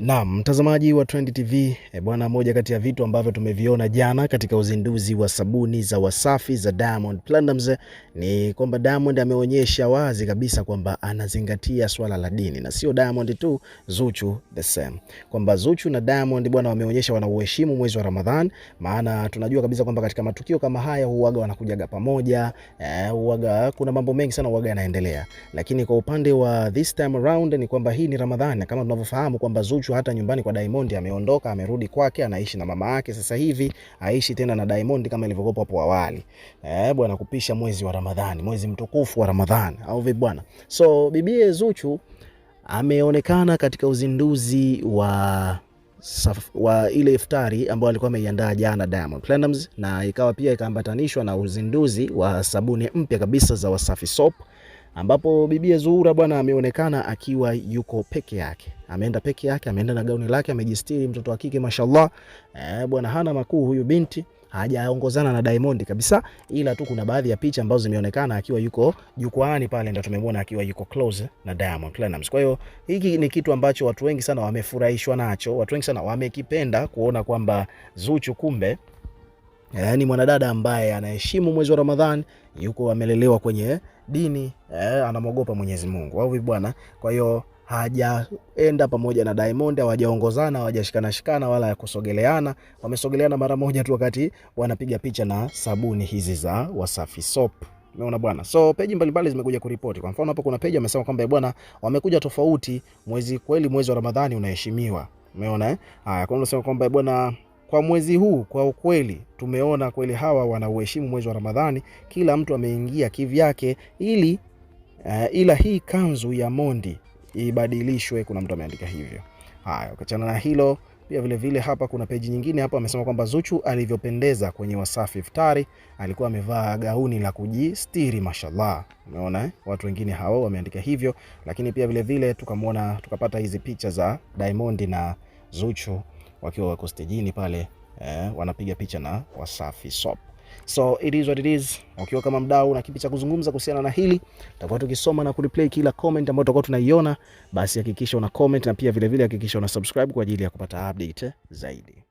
Naam, mtazamaji wa Trend TV e, bwana, moja kati ya vitu ambavyo tumeviona jana katika uzinduzi wa sabuni za Wasafi za Diamond Platnumz ni kwamba Diamond ameonyesha wazi kabisa kwamba anazingatia swala la dini na sio Diamond tu, Zuchu the same, kwamba Zuchu na Diamond bwana, wameonyesha wanauheshimu mwezi wa Ramadhan, maana tunajua kabisa kwamba katika matukio kama haya huaga wanakujaga pamoja e, huaga kuna mambo mengi sana huaga yanaendelea, lakini kwa upande wa this time around ni kwamba hii ni Ramadhan kama tunavyofahamu kwamba Zuchu ameachwa hata nyumbani kwa Diamond, ameondoka amerudi kwake, anaishi na mama yake sasa hivi, aishi tena na Diamond kama ilivyokuwa hapo awali. Eh, bwana kupisha mwezi wa Ramadhani, mwezi mtukufu wa Ramadhani au vipi bwana? So bibi Zuchu ameonekana katika uzinduzi wa Saf, wa ile iftari ambayo alikuwa ameiandaa jana Diamond Platinumz, na ikawa pia ikaambatanishwa na uzinduzi wa sabuni mpya kabisa za Wasafi Soap ambapo bibie Zuhura bwana ameonekana akiwa yuko peke yake, ameenda peke yake, ameenda na gauni lake, amejistiri, mtoto wa kike mashallah. Eh, bwana hana makuu huyu binti, hajaongozana na Diamond kabisa, ila tu kuna baadhi ya picha ambazo zimeonekana akiwa yuko jukwaani pale, ndio tumemwona akiwa yuko close na Diamond Platinumz. Kwa hiyo hiki ni kitu ambacho watu wengi sana wamefurahishwa nacho, watu wengi sana wamekipenda kuona kwamba Zuchu kumbe eh, ni yaani mwanadada ambaye anaheshimu mwezi wa Ramadhani, yuko amelelewa kwenye dini eh, anamwogopa Mwenyezi Mungu au bwana. Kwa hiyo hajaenda pamoja na Diamond, hawajaongozana, hawajashikana shikana wala kusogeleana. Wamesogeleana mara moja tu wakati wanapiga picha na sabuni hizi za Wasafi Soap. Umeona bwana, so peji mbalimbali zimekuja kuripoti. Kwa mfano, hapo kuna peji amesema kwamba eh, bwana, wamekuja tofauti mwezi, kweli mwezi wa Ramadhani unaheshimiwa. Umeona eh? Haya, kuna unasema kwamba eh, bwana kwa mwezi huu kwa ukweli tumeona kweli hawa wanauheshimu mwezi wa Ramadhani, kila mtu ameingia kivyake, ili uh, ila hii kanzu ya mondi ibadilishwe. Kuna mtu ameandika hivyo. Haya, ukachana na hilo pia vile vile hapa kuna peji nyingine hapa amesema kwamba Zuchu alivyopendeza kwenye Wasafi Iftari, alikuwa amevaa gauni la kujistiri mashallah. Umeona eh? Watu wengine hao wameandika hivyo, lakini pia vile vile tukamwona tukapata hizi picha za Diamond na Zuchu wakiwa wako stejini pale eh, wanapiga picha na Wasafi Soap. So it is what it is. Ukiwa kama mdau na kipi cha kuzungumza kuhusiana na hili, tutakuwa tukisoma na kureplay kila comment ambayo tutakuwa tunaiona, basi hakikisha una comment na pia vilevile hakikisha una subscribe kwa ajili ya kupata update zaidi.